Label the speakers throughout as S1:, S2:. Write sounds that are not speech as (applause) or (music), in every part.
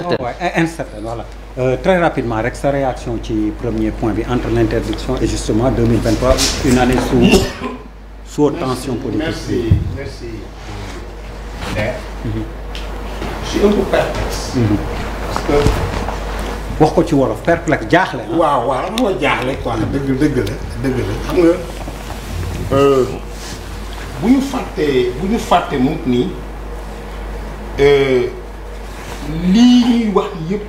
S1: incertaine oh, ouais, incertaine voilà euh, rapidement rek sa réaction ci premier point bi entre l'interdiction et justement 2023 une année sous sous tension politique. merci merci euh, merci. Mhm. Mhm. wax ko ci wolof perplexe jaaxle ah. waaw waaw am nga jaaxle quoi dëgg dëgg la dëgg la xam nga euh, bu ñu fàttee bu ñu fàtte mukk nii. lii ñuy wax yëpp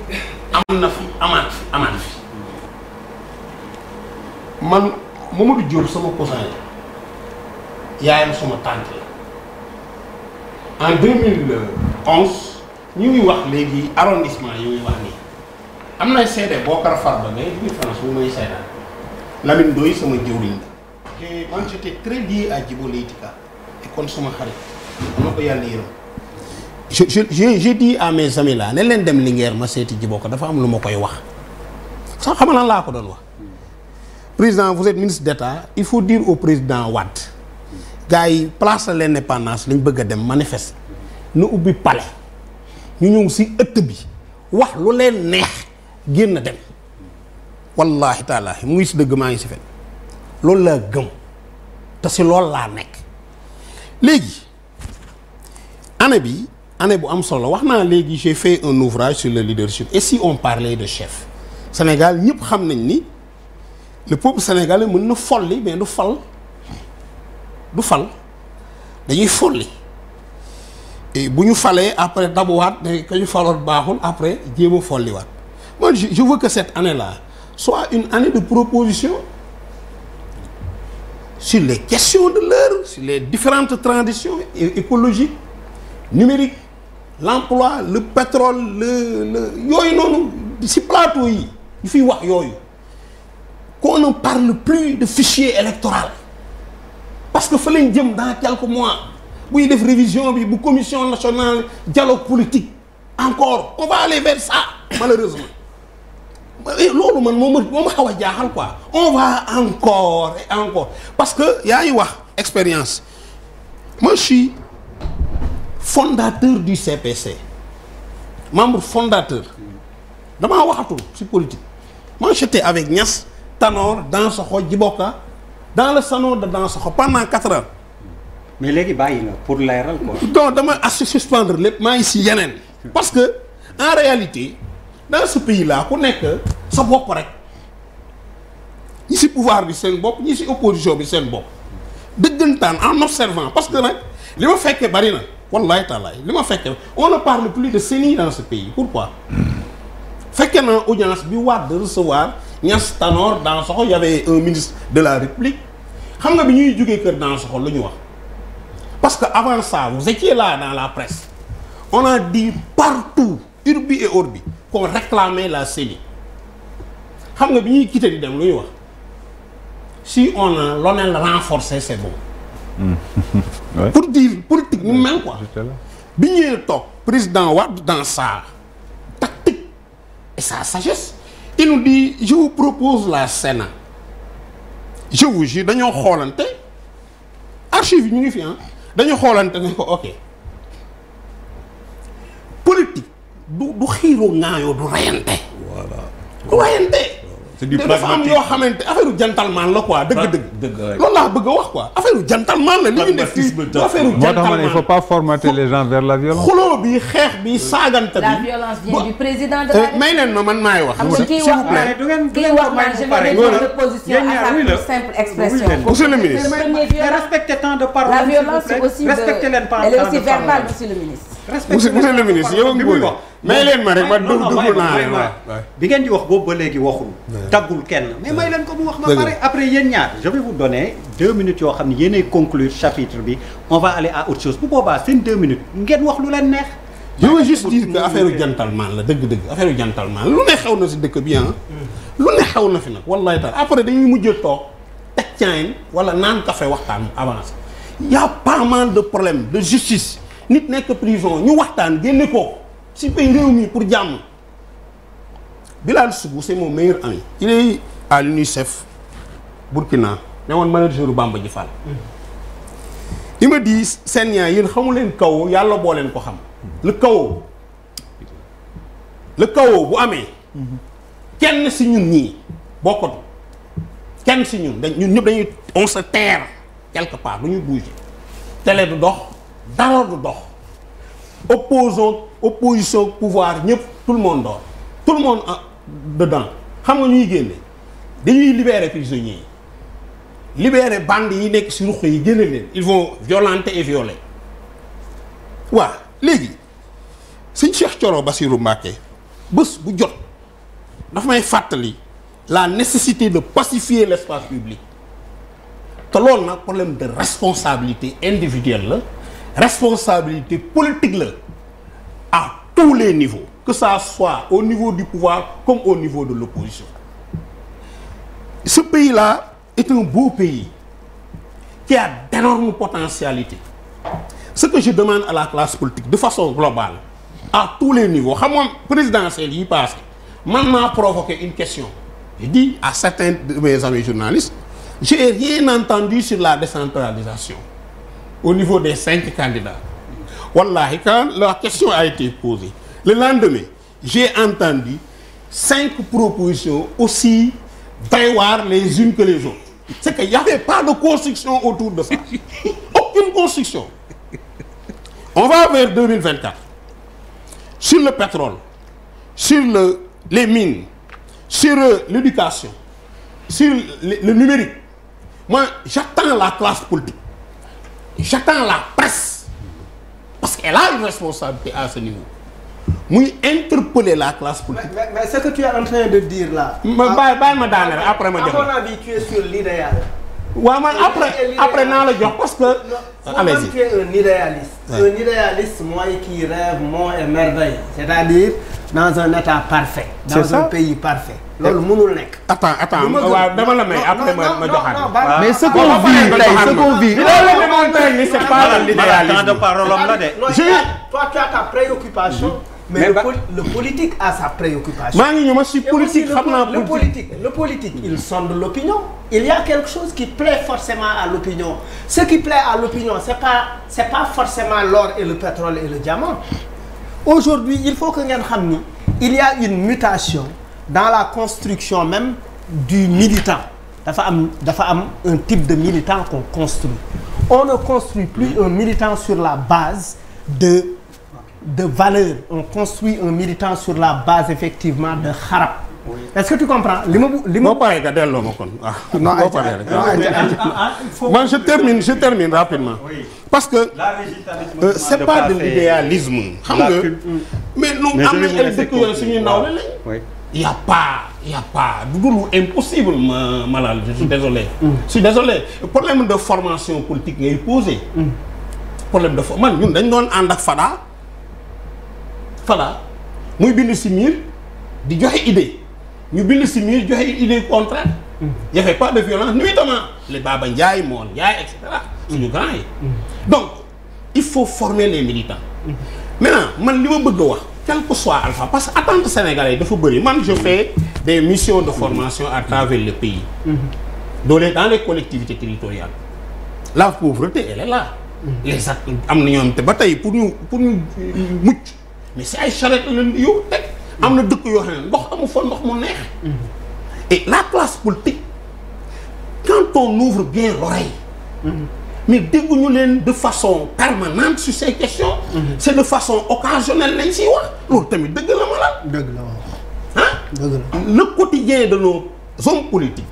S1: am na fi amaat fi amaat fi man Mamadou Diop sama cousin la yaayam sama tante la en 2011 ñu ngi wax léegi arrondissement yi ngi wax nii am na seede Bokar Farba mais biir France bu may seedaan Lamine Doy sama jëwriñ la te man j'étais très lié à Djibo Leyti Ka te kon xarit dama ko yàlla yërëm je je je dis à mes amis là ne leen dem Linguère ma seeti ji bokk dafa am lu ma koy wax sax xam lan laa ko doon wax président vous êtes ministre d'État il faut dire au président Wade gars yi place de l'indépendance lañ bëgg a dem manifester nu ubbi palais ñu ñëw si ëtt bi wax lu leen neex génn dem wallahi taalaahi mu ngi si dëgg maa ngi si fen loolu laa gëm te si loolu laa nekk léegi année bi. année bu am solo wax naa léegi j'ai fait un ouvrage sur le leadership et si on parlait de chef Sénégal ñëpp xam nañ ni le pour sénégalais mën na folli mais du fal du fal dañuy folli et bu ñu falee après dabuwaat ne que ñu faloon baaxul après jéema a folliwaat man je veux que cette année là soit une année de proposition sur les questions de l'heure sur les différentes transitions écologiques numériques l'emploi le pétrole le le yooyu noonu ci plateau yi ñu fiy wax yooyu qu'on ne parle plus de fichier électoral parce que fa lañ jëm dans quelques mois buy def révision bi bu commission nationale dialogue politique encore on va aller vers ça malheureusement loolu man moo ma moo a jaaxal on va encore encore parce que yaa ngi wax expérience moi fondateur du CPC membre fondateur dama waxatul ci politique moi j'étais avec Niass Tanor Dansokho Djiboka dans le salon de Dansokho pandant quatre ans. mais léegi bàyyi nga pour leeral quoi. donc dama assi suspendre lépp maa ngi ci yeneen. parce que en réalité dans ce pays là ku nekk sa bopp rek ñi ci pouvoir bi seen bopp ñi si opposition bi seen bopp dëggantaan en observant parce que nag li ma fekkee bari na. wallaay taalaay li ma fekkee on ne parle plus de CENI dans ce pays pourquoi. fekkee naa audience bi waat de recevoir Niass Tanor Dansokho y avait un ministre de la République xam nga bi ñuy jógee kër Dansokho lu ñu wax parce que avant ça vous étiez là dans la presse on a dit partout urbi et orbi qu'on réclamait la CENI xam nga bi ñuy quitté di dem lu ñu wax si on a l'ONEL renforcé c'est bon. Mmh.
S2: (laughs) Ouais. pour
S1: dire politique mu mel quoi. bi ñëwee toog président Wade dans sa tactique et sa sagesse il nous dit propose la Sénat je vous dañoo xoolante archive yi ñu ngi fi ah dañoo xoolante ne ko ok politique du du xiiroo ŋaayoo du rayante. du rayante. c'est du dafa am yoo xamante affaire la quoi dëgg-dëgg. dëgg la loolu laa bëgg a wax quoi la. li ñu def fii affaire gentleman il faut pas formater les gens vers la violence. bi xeex bi saagante bi. la euh, ma man maay wax. s'il vous plaît
S2: du wax man je me mets en opposition sa
S1: simple expression.
S2: la violence est aussi monsieur le ministre.
S1: respectez monsieur le ministre yow ngi wax. may ma rek ma dugg dugg naa bi ngeen di wax boobu ba waxul. taggul kenn mais may
S2: leen ko mu wax ba pare
S1: après yéen ñaar je vais vous donner deux minutes yoo xam ne yéenay conclure chapitre bi on aller à autre chose bu boobaa seen deux minutes ngeen wax lu leen neex. je veux juste dire que la dëgg-dëgg affaire gentleman lu ne xew na si dëkk bi ah. lu ne xew na fi nag wallahi taal après dañuy mujj a toog teg caayin wala naan café waxtaan avance y a pas mal de problème de justice nit nekk prison ñu waxtaan génne ko si pays réew mi pour jàmm. Bilal Soubou c'est mon meilleur ami il ne woon manager u Bamba ji Fall li ma di seen yaa yéen xamu leen kaw yàlla boo leen ko xam le kaw le kaw bu amee kenn si ñun ñii bokkatu kenn si ñun dañ ñun ñëpp dañuy on se terre quelque part du ñu bouger tele du dox dara du dox opposant opposition pouvoir ñëpp tout le monde dort tout le monde dedans xam nga ñuy génne dañuy libérer prisonniers yi libérer band yi nekk si ruq yi génne leen ils vont violenter et violer waa léegi sëñ coro Thioro Bassirou Mbacké bés bu jot dafa may fàttali la nécessité de pacifier l'espace public te loolu nag problème de responsabilité individuelle la responsabilité politique la à tous les niveaux que ça soit au niveau du pouvoir comme au niveau de l'opposition ce pays-là est un beau pays qui a d'énormes potentialités ce que je demande à la classe politique de façon globale à tous les niveaux xam nga présidentielle yi passé man maa provoqué une question je dis à certains de mes amis journalistes j'ai rien entendu sur la décentralisation au niveau des cinq candidats wallahi quand la question a été posée le lendemain j'ai entendu cinq propositions aussi doy waar les unes que les autres c'est que y avait pas de construction autour de ça (laughs) aucune construction on va vers sur le pétrole sur le les mines sur euh, l'éducation sur le, le numérique moi j'attends la classe politique j'attends la presse
S2: parce qu'elle a une responsabilité à ce niveau
S1: muy interpeller la classe politique. mais
S2: mais ce que tu es en de dire
S1: là. ma bàyyi bàyyi ma daaneel après ma jox la. à
S2: mon avis tu es sur l'idéal. waaw man après après naa la jox que. allez-y tu es un idéaliste. un idéaliste kii rêve monts et merveilles. c'est-à-dire dans un état parfait. dans un pays parfait. loolu mënul nekk. attends attends waaw dama la
S1: après ma ma mais ce qu'on vit tey ce qu'on vit. loolu la c'est pas l'idéalisme. temps de parole la de.
S2: toi tu as ta mais, mais le, bah... politique a sa préoccupation. maa ngi ñëw ma si politique xam naa. le politique le politique il sonde l'opinion il y a quelque chose qui plaît forcément à l'opinion ce qui plaît à l'opinion c'est pas c'est pas forcément l'or et le pétrole et le diamant aujourd'hui il faut que ngeen xam ni il y a une mutation dans la construction même du militant dafa am dafa am un de militant qu'on construit on ne construit plus mm. un militant sur la base de de valeur on construit un militant sur la base effectivement de xarab. est-ce que tu comprends li ma li ma. boo ga delloo ma kon waaw. Ah, ah, non boo ah, paree rek man je termine je termine rapidement. parce que.
S1: Euh, c'est pas de l'idéalisme. xam nga mais ñun am nañ ay dëkk suñuy ndaw lañ. y a pas y a pas du lu impossible ma malal je mm. je suis désolé problème de formation politique ngay posé. Mm. problème de man ñun dañ doon ànd ak Fada. Fada muy bind si miir di joxe idée ñu bind si miir joxe idée contraire. Mm-hmm. y avait pas de violence nuitamment les Baba Ndiaye njaay Ndiaye et cetera. suñu grand yi.
S2: Mm-hmm.
S1: donc il faut former les mais mm-hmm. maintenant man li ma bëgg wax. quel que soit Alpha parce que attente sénégalais dafa bëri man je fais des mission de formation à travers le pays. doo leen dans les collectivité territoriales. la pauvreté elle est là. les actes am na ñoom te ba tey pour ñu pour ñu euh, mucc. mais si ay charrette lañ yow teg am na dëkk yoo xam ndox amu foo ndox mu neex et la classe politique quand on bien l'oreille mais dégguñu leen de façon permanente sur ces question c'est de façon occasionnelle lañ siy wax loolu tamit dëgg la ma la dëgg la ah dëgg de nos hommes politiques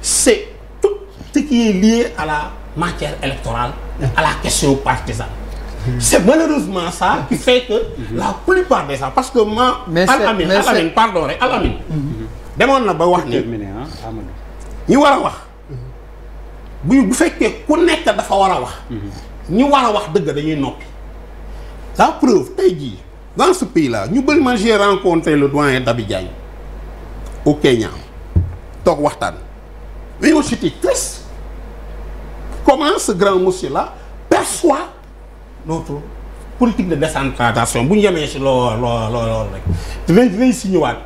S1: c'est tout ce qui est lié la matière électorale à la question partisane c'est malheureusement ça qui fait que la plupart des gens parce que ma. mais Al Amin Al Amin pardon rek Al Amin. demoon na ba wax ni ñi war a wax. bu bu fekkee ku nekk dafa war a wax. ñi war a wax dëgg dañuy noppi. la preuve tey jii dans ce pays là ñu bëri man j'ai rencontré le doyen Dabi Diagne au Kenya toog waxtaan. mais aussi triste grand monsieur là perçoit. dootul politique de décentralisation bu ñu yemee si loo loo loolu rek dinañ dinañ si ñëwaat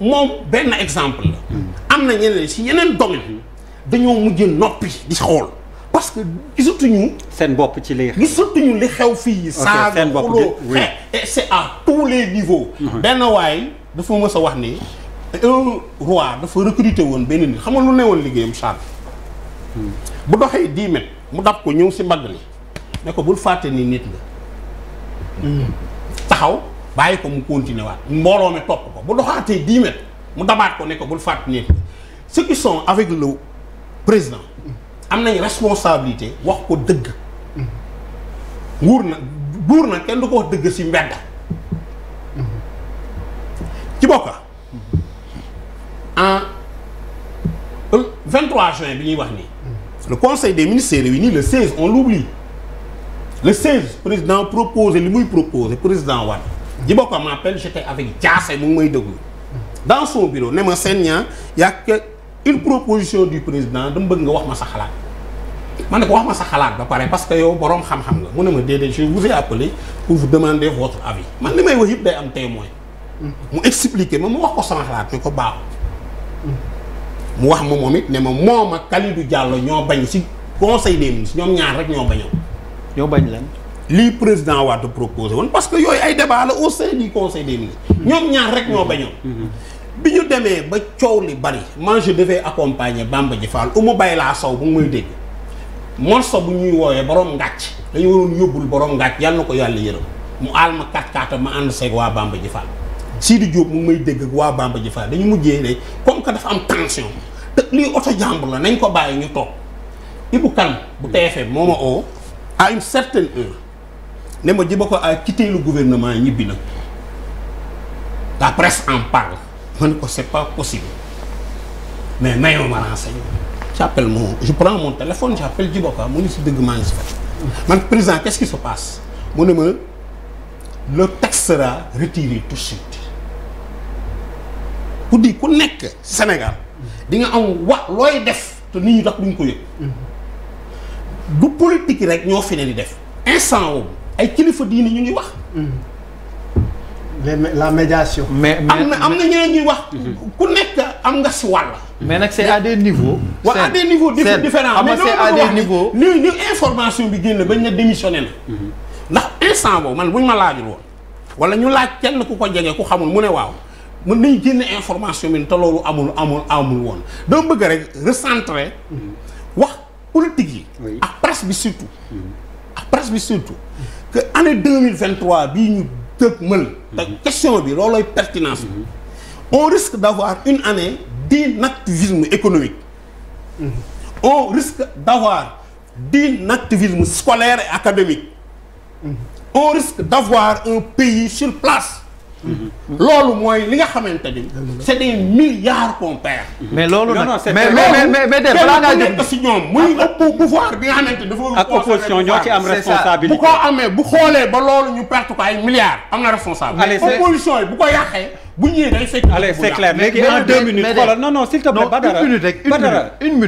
S1: moom benn exemple la. Hmm. am na ñeneen si yeneen domaine dañoo mujj noppi di xool. parce que gisatuñu. seen bopp ci li gisatuñu li xew fii. ok seen bopp et eh, eh, c'est à tous les niveaux. Hmm. benn waay dafa mës a wax ni. un roi dafa recruter woon benn nit xam nga lu ne woon liggéeyam Charles. Hmm. bu doxee 10 mètres mu dab ko ñëw si mbagg li ne ko bul fàtte ni nit nga taxaw bàyyi ko mu continuer waat mbooloo mi topp ko bu doxaatee dix mètres mu dabaat ko ne ko bul fàtte nit nga ceux qui président am nañ responsabilité wax ko dëgg nguur na buur na kenn ko dëgg si mbedd ci bokka en 23 juin bi ñuy wax nii le conseil des ministres réuni le 16 on l'oublie le 16 président proposé li muy proposé président Wade ji boppam m'appelle j'étais avec Diassé mu ngi may déglu dans son biro ne ma seen ñaa y une proposition du président dama bëgg nga wax ma sa xalaat man ne ko wax ma sa xalaat ba pare parce que yow boroom xam-xam nga mu ne ma déedéet je vous ai appelé pour vous demander votre avis man li may wax yëpp day am témoin mu expliqué ma mu wax ko sama xalaat ni ko baaxul mu wax ma moom it ne ma moom ak Kalidou Diallo ñoo bañ ci conseil des ministres ñoom ñaar rek ñoo bañoon ñoo bañ lan. lii président Wade proposé woon parce que yooyu ay débat la au sein du conseil des ministres. Mm-hmm. ñoom ñaar rek ñoo bañoon. Mm-hmm. bi ñu demee ba coow li bari. man je devais accompagner Bamba Ji Fall ma bàyyi laa sow bu muy dégg morso bu ñuy woowee borom ngàcc dañu waroon yóbbul borom ngàcc yàlla na ko yàlla yërëm mu aal ma kat kaata ma ànd seeg waa Bamba Ji Fall. Sidi Diop mu may dégg ak waa Bamba Ji Fall dañu mujjee ne comme que dafa am tension te nañ ko bàyyi ñu toog à une certaine heure ne ma Djiba Kâ a quitté gouvernement ñibbi na la presse en parle ma ko c'est pas possible mais mayoo ma renseigné j'appelle mon je prends mon téléphone j'appelle Djiba Kâ mu ngi si dëgg maa ngi si fa man président qu'est-ce qui se passe mu ne ma le texte sera retiré tout suite ku nekk Sénégal di nga am wax looy def te nit ñu tax duñ ko yëg du politique yi rek ñoo fi ne ni def instant woowu ay kilifa diini ñu ngi wax. la médiation. mais am na am na ñeneen ñuy wax. ku nekk am nga si wàll. mais nag c'est à des niveaux. waaw à des niveau différents mais loolu ñu ñu information bi génn bañ na démissionné na. ndax instant boobu man buñ ma laajul woon. wala ñu laaj kenn ku ko jege ku xamul mu ne waaw mën nañ génne information bi te loolu amul amul amul woon dama bëgg rek recentrer. wax politique yi. presse bi surtout ah presse bi surtout que année deux mille vingt trois bii ñu tëb mël te question bi loolooy pertinence bi on risque d'avoir une année d'inactivisme économique on risque d'avoir d'inactivisme scolaire et académique on risque d'avoir un pays sur place loolu mooy li nga xamante ni. c'est des milliards qu'on perd. mais loolu nag mais mais mais de balaa ngaa nekk bi nga xamante dafa. ak opposition ñoo ci am responsabilité. bu ko amee bu xoolee ba loolu ñu perte ko ay milliards am na responsable. allez opposition yi bu ko yàqee
S2: bu ñëwee day fekk. allez c'est clair léegi en deux minutes. xoolal non non une minute.